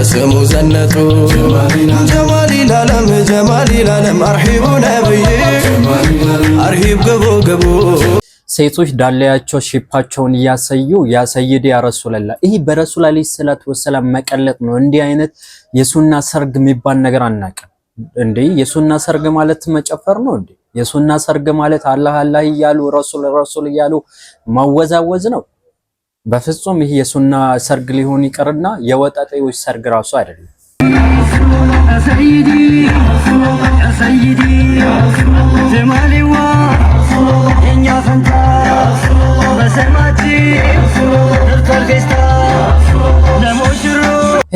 በስሙ ዘነጡ ጀማሊ ላለም ጀማሊ ላለም አርሂቡ ነብይ አርሂብ ገቡ ገቡ ሴቶች ዳላያቸው ሺፓቸውን እያሳዩ ያ ያ ረሱላላ ይህ በረሱል አለይሂ ሰላቱ ወሰላም መቀለጥ ነው። እንዲህ አይነት የሱና ሰርግ የሚባል ነገር አናውቅም። እንዴ የሱና ሰርግ ማለት መጨፈር ነው እንዴ? የሱና ሰርግ ማለት አላህ አላህ እያሉ ረሱል ረሱል እያሉ ማወዛወዝ ነው። በፍጹም ይህ የሱና ሰርግ ሊሆን ይቅርና የወጠጤዎች ሰርግ ራሱ አይደለም።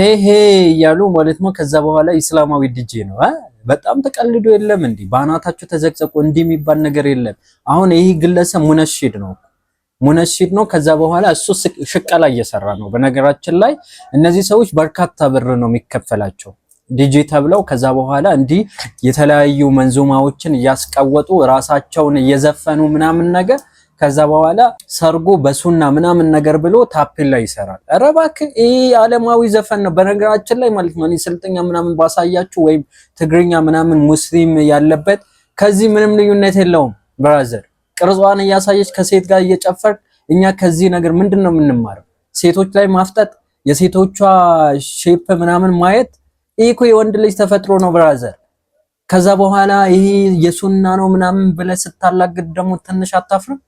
ሄ ሄ እያሉ ማለት ነው። ከዛ በኋላ ኢስላማዊ ድጄ ነው። በጣም ተቀልዶ የለም እንዲህ በአናታችሁ ተዘቅዘቁ እንዲህ የሚባል ነገር የለም። አሁን ይህ ግለሰብ ሙነሽድ ነው። ሙነሲድ ነው። ከዛ በኋላ እሱ ሽቀላ እየሰራ ነው። በነገራችን ላይ እነዚህ ሰዎች በርካታ ብር ነው የሚከፈላቸው ዲጂ ተብለው ከዛ በኋላ እንዲህ የተለያዩ መንዙማዎችን እያስቀወጡ ራሳቸውን እየዘፈኑ ምናምን ነገር ከዛ በኋላ ሰርጉ በሱና ምናምን ነገር ብሎ ታፔል ላይ ይሰራል። ኧረ እባክህ ይህ አለማዊ ዘፈን ነው። በነገራችን ላይ ማለት ነው ስልጥኛ ምናምን ባሳያችሁ ወይም ትግርኛ ምናምን ሙስሊም ያለበት ከዚህ ምንም ልዩነት የለውም ብራዘር ቅርጿን እያሳየች ከሴት ጋር እየጨፈር እኛ ከዚህ ነገር ምንድን ነው የምንማረው? ሴቶች ላይ ማፍጠጥ፣ የሴቶቿ ሼፕ ምናምን ማየት ይህ እኮ የወንድ ልጅ ተፈጥሮ ነው ብራዘር። ከዛ በኋላ ይሄ የሱና ነው ምናምን ብለ ስታላግድ ደግሞ ትንሽ አታፍርም?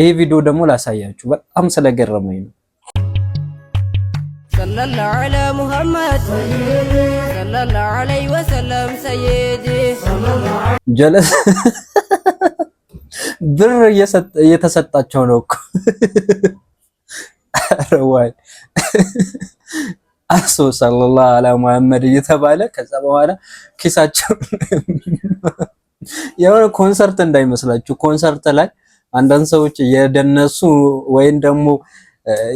ይሄ ቪዲዮ ደግሞ ላሳያችሁ በጣም ስለገረመኝ ነው። ሰለላሁ ዐላ ሙሐመድ ወሰለም ሰይዲ ብር እየተሰጣቸው ነው እኮ። አረዋይ አሶ ሰለላሁ አላ ሙሐመድ እየተባለ ከዛ በኋላ ኪሳቸው የሆነ ኮንሰርት እንዳይመስላችሁ። ኮንሰርት ላይ አንዳንድ ሰዎች እየደነሱ ወይም ደግሞ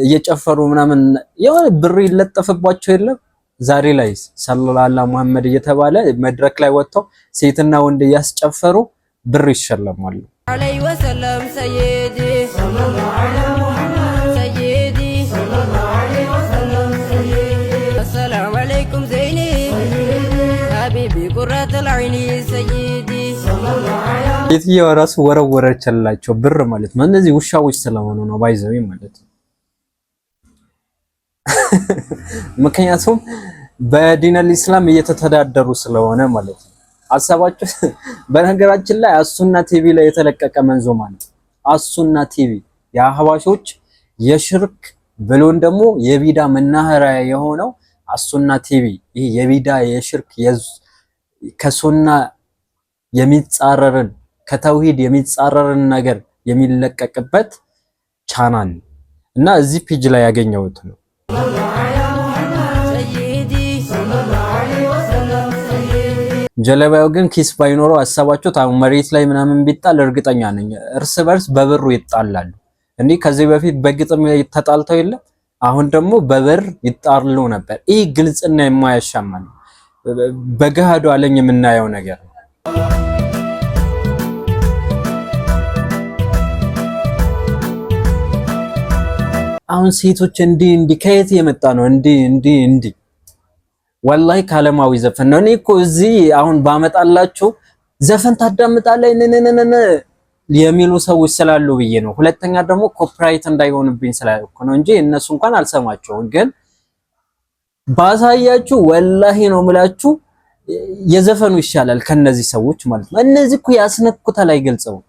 እየጨፈሩ ምናምን የሆነ ብር ይለጠፍባቸው የለም። ዛሬ ላይ ሰለላሁ አላ ሙሐመድ እየተባለ መድረክ ላይ ወጥተው ሴትና ወንድ እያስጨፈሩ ብር ይሸለማሉ። عليه وسلم سيدي صلى الله على محمد سيدي صلى الله عليه وسلم سيدي السلام عليكم زيني سيدي حبيبي قرة العين سيدي صلى الله على የትየዋ ራሱ ወረወረችላቸው ብር ማለት ነው። እነዚህ ውሻዎች ስለሆኑ ነው ባይዘዊ ማለት ነው። ምክንያቱም በዲነል ኢስላም እየተተዳደሩ ስለሆነ ማለት ነው። አሰባችሁ። በነገራችን ላይ አሱና ቲቪ ላይ የተለቀቀ መንዞማ ነው። አሱና ቲቪ የአህባሾች የሽርክ ብሎን ደግሞ የቢዳ መናኸሪያ የሆነው አሱና ቲቪ ይህ የቢዳ የሽርክ ከሱና የሚጻረርን ከተውሂድ የሚጻረርን ነገር የሚለቀቅበት ቻናል እና እዚህ ፔጅ ላይ ያገኘሁት ነው። ጀለባው ግን ኪስ ባይኖረው አሳባቸው አሁን መሬት ላይ ምናምን ቢጣል እርግጠኛ ነኝ እርስ በርስ በብሩ ይጣላሉ። እንዲህ ከዚህ በፊት በግጥም ተጣልተው የለም? አሁን ደግሞ በብር ይጣሉ ነበር። ይህ ግልጽና የማያሻማ ነው። በገሃዱ አለኝ የምናየው ነገር ነው። አሁን ሴቶች እንዲህ እንዲህ ከየት የመጣ ነው እንዲህ እንዲህ እንዲህ ወላሂ ከዓለማዊ ዘፈን ነው። እኔ እኮ እዚህ አሁን ባመጣላችሁ ዘፈን ታዳምጣለህ ነነነ የሚሉ ሰዎች ስላሉ ብዬ ነው። ሁለተኛ ደግሞ ኮፒራይት እንዳይሆንብኝ ስላልኩ ነው እንጂ እነሱ እንኳን አልሰማቸውም። ግን ባሳያችሁ ወላሂ ነው ምላችሁ የዘፈኑ ይሻላል ከነዚህ ሰዎች ማለት ነው። እነዚህ እኮ ያስነኩታል፣ አይገልጸውም።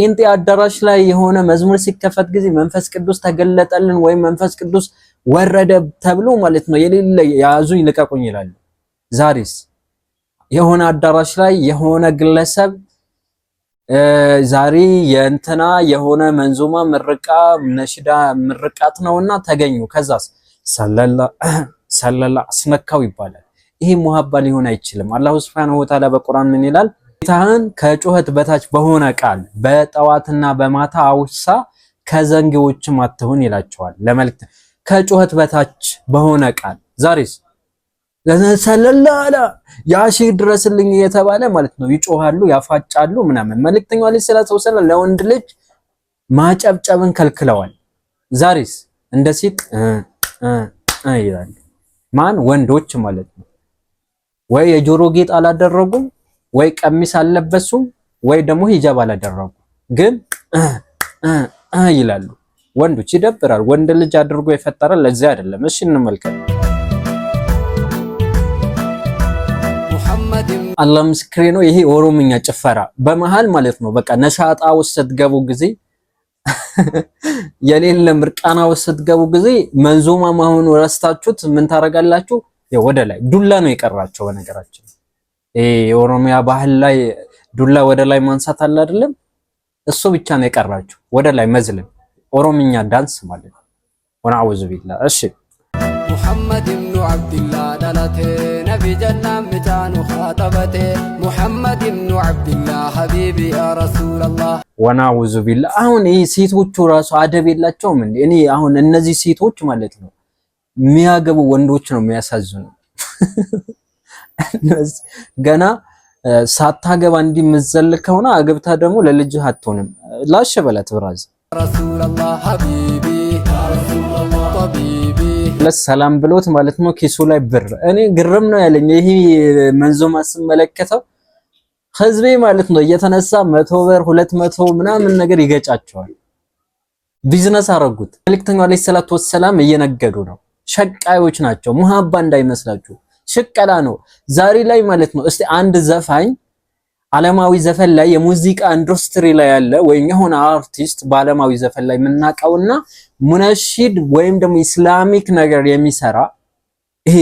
ጴንጤ አዳራሽ ላይ የሆነ መዝሙር ሲከፈት ጊዜ መንፈስ ቅዱስ ተገለጠልን ወይም መንፈስ ቅዱስ ወረደ ተብሎ ማለት ነው የሌለ ያዙኝ ልቀቁኝ ይላሉ። ዛሬስ የሆነ አዳራሽ ላይ የሆነ ግለሰብ ዛሬ የእንትና የሆነ መንዞማ ምርቃ ነሽዳ ምርቃት ነውና ተገኙ። ከዛስ ሰለላ ሰለላ አስነካው ይባላል። ይሄ ሙሐባ ሊሆን አይችልም። አላሁ ሱብሓነሁ ወተዓላ በቁርአን ምን ይላል? ጌታህን ከጩኸት በታች በሆነ ቃል በጠዋትና በማታ አውሳ ከዘንጊዎችም አትሁን ይላቸዋል ለመልእክት ከጩኸት በታች በሆነ ቃል ዛሬስ ለሰለላላ ያሺ ድረስልኝ የተባለ ማለት ነው። ይጮሃሉ፣ ያፋጫሉ ምናምን መልእክተኛው አለይሂ ሰላቱ ወሰለም ለወንድ ልጅ ማጨብጨብን ከልክለዋል። ዛሬስ እንደ ሲጥ ይላል። ማን ወንዶች ማለት ነው። ወይ የጆሮ ጌጥ አላደረጉም፣ ወይ ቀሚስ አልለበሱም፣ ወይ ደግሞ ሂጃብ አላደረጉም፣ ግን ይላሉ። ወንዶች ይደብራል። ወንድ ልጅ አድርጎ የፈጠረ ለዚህ አይደለም። እሺ እንመልከት። አላህ ምስክሬ ነው። ይሄ ኦሮምኛ ጭፈራ በመሃል ማለት ነው። በቃ ነሻጣ ውስጥ ስትገቡ ጊዜ የሌለ ምርቃና ውስጥ ስትገቡ ጊዜ መንዞማ መሆኑ ረስታችሁት ምን ታደርጋላችሁ? ወደ ላይ ዱላ ነው የቀራቸው። በነገራችን ይሄ የኦሮሚያ ባህል ላይ ዱላ ወደ ላይ ማንሳት አለ አይደለም? እሱ ብቻ ነው የቀራቸው ወደ ላይ መዝለም ኦሮምኛ ዳንስ ማለት ነው። ቢላ እሺ ሙሐመድ ብኑ ዓብድላ ዳላቴ ነቢ ጀና ምጫኑ ኻጠበቴ ሙሐመድ ብኑ ዓብድላ ሀቢቢ ያ ረሱላላ ወናውዝ ቢላ። አሁን ይህ ሴቶቹ ራሱ አደብ የላቸውም እንዴ? እኔ አሁን እነዚህ ሴቶች ማለት ነው የሚያገቡ ወንዶች ነው የሚያሳዝኑ። ገና ሳታገባ እንዲህ የምትዘልቅ ከሆነ አገብታ ደግሞ ለልጅህ አትሆንም። ላሸ ብራዝ ሰላም ብሎት ማለት ነው። ኪሱ ላይ ብር እኔ ግርም ነው ያለኝ ይህ መንዞማ ስመለከተው ህዝቤ ማለት ነው እየተነሳ መቶ ብር ሁለት መቶ ምናምን ነገር ይገጫቸዋል። ቢዝነስ አረጉት። መልክተኛው አለይሂ ሰላቱ ወሰላም እየነገዱ ነው። ሸቃዮች ናቸው። ሙሃባ እንዳይመስላችሁ ሽቀላ ነው። ዛሬ ላይ ማለት ነው እስቲ አንድ ዘፋኝ ዓለማዊ ዘፈን ላይ የሙዚቃ ኢንዱስትሪ ላይ ያለ ወይም የሆነ አርቲስት በዓለማዊ ዘፈን ላይ የምናውቀውና ሙነሺድ ወይም ደግሞ ኢስላሚክ ነገር የሚሰራ ይሄ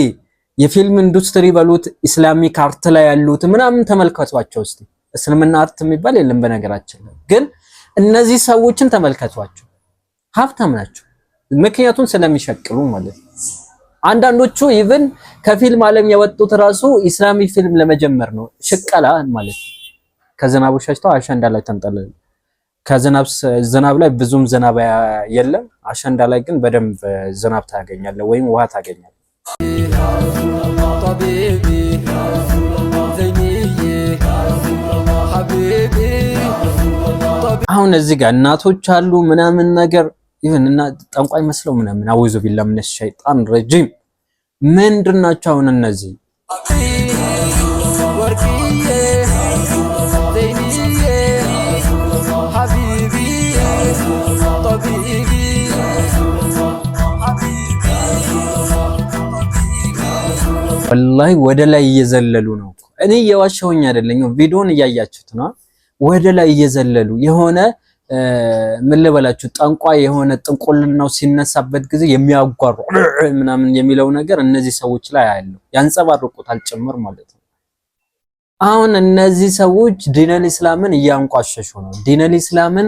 የፊልም ኢንዱስትሪ በሉት ኢስላሚክ አርት ላይ ያሉት ምናምን ተመልከቷቸው እስቲ። እስልምና አርት የሚባል የለም በነገራችን ላይ ግን እነዚህ ሰዎችን ተመልከቷቸው። ሀብታም ናቸው፣ ምክንያቱም ስለሚሸቅሉ ማለት ነው። አንዳንዶቹ ኢቭን ከፊልም ዓለም የወጡት ራሱ ኢስላሚክ ፊልም ለመጀመር ነው፣ ሽቀላ ማለት ነው። ከዝናቡ ሸሽተው አሸንዳ ላይ ተንጠለለ። ከዝናብ ዝናብ ላይ ብዙም ዝናብ የለም። አሸንዳ ላይ ግን በደንብ ዝናብ ታገኛለ ወይም ውሃ ታገኛለ። አሁን እዚህ ጋር እናቶች አሉ ምናምን ነገር ይህን እና ጠንቋይ መስለው ምናምን አውዙ ቢላ ምን ሸይጣን ረጂም ናቸው አሁን እነዚህ ወላሂ ወደ ላይ እየዘለሉ ነው። እኔ እየዋሸሁኝ አይደለኝም። ቪዲዮን እያያችሁት ነው። ወደ ላይ እየዘለሉ የሆነ ምን ልበላችሁ፣ ጠንቋይ የሆነ ጥንቁልናው ሲነሳበት ጊዜ የሚያጓሩ ምናምን የሚለው ነገር እነዚህ ሰዎች ላይ አያለው፣ ያንጸባርቁታል ጭምር ማለት ነው። አሁን እነዚህ ሰዎች ዲነል ኢስላምን እያንቋሸሹ ነው። ዲነል ኢስላምን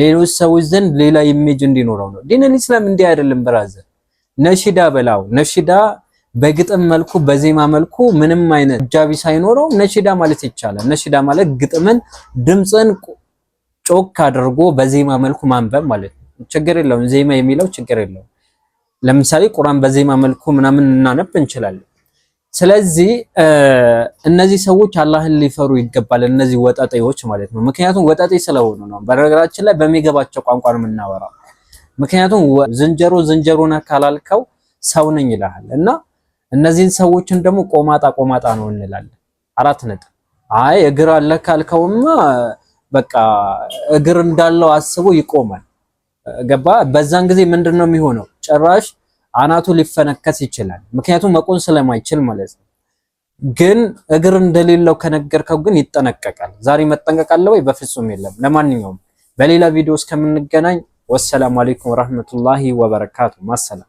ሌሎች ሰዎች ዘንድ ሌላ ኢሜጅ እንዲኖረው ነው። ዲን ኢስላም እንዲህ አይደለም። ብራዘር ነሽዳ በላው ነሽዳ በግጥም መልኩ በዜማ መልኩ ምንም አይነት ጃቢ ሳይኖረው ነሽዳ ማለት ይቻላል። ነሽዳ ማለት ግጥምን ድምፅን ጮክ አድርጎ በዜማ መልኩ ማንበብ ማለት ነው። ችግር የለውም ዜማ የሚለው ችግር የለውም። ለምሳሌ ቁርአን በዜማ መልኩ ምናምን እናነብ እንችላለን። ስለዚህ እነዚህ ሰዎች አላህን ሊፈሩ ይገባል፣ እነዚህ ወጠጤዎች ማለት ነው። ምክንያቱም ወጠጤ ስለሆኑ ነው። በነገራችን ላይ በሚገባቸው ቋንቋ ነው የምናወራው። ምክንያቱም ዝንጀሮ ዝንጀሮ ነህ ካላልከው ሰው ነኝ ይልሃል። እና እነዚህን ሰዎችን ደግሞ ቆማጣ ቆማጣ ነው እንላለን። አራት ነጥብ። አይ እግር አለ ካልከውማ በቃ እግር እንዳለው አስቦ ይቆማል። ገባ? በዛን ጊዜ ምንድን ነው የሚሆነው? ጭራሽ አናቱ ሊፈነከስ ይችላል። ምክንያቱም መቆን ስለማይችል ማለት ነው። ግን እግር እንደሌለው ከነገርከው ግን ይጠነቀቃል። ዛሬ መጠንቀቅ አለ ወይ? በፍጹም የለም። ለማንኛውም በሌላ ቪዲዮ እስከምንገናኝ ወሰላሙ አሌይኩም ወራህመቱላሂ ወበረካቱ። ማሰላም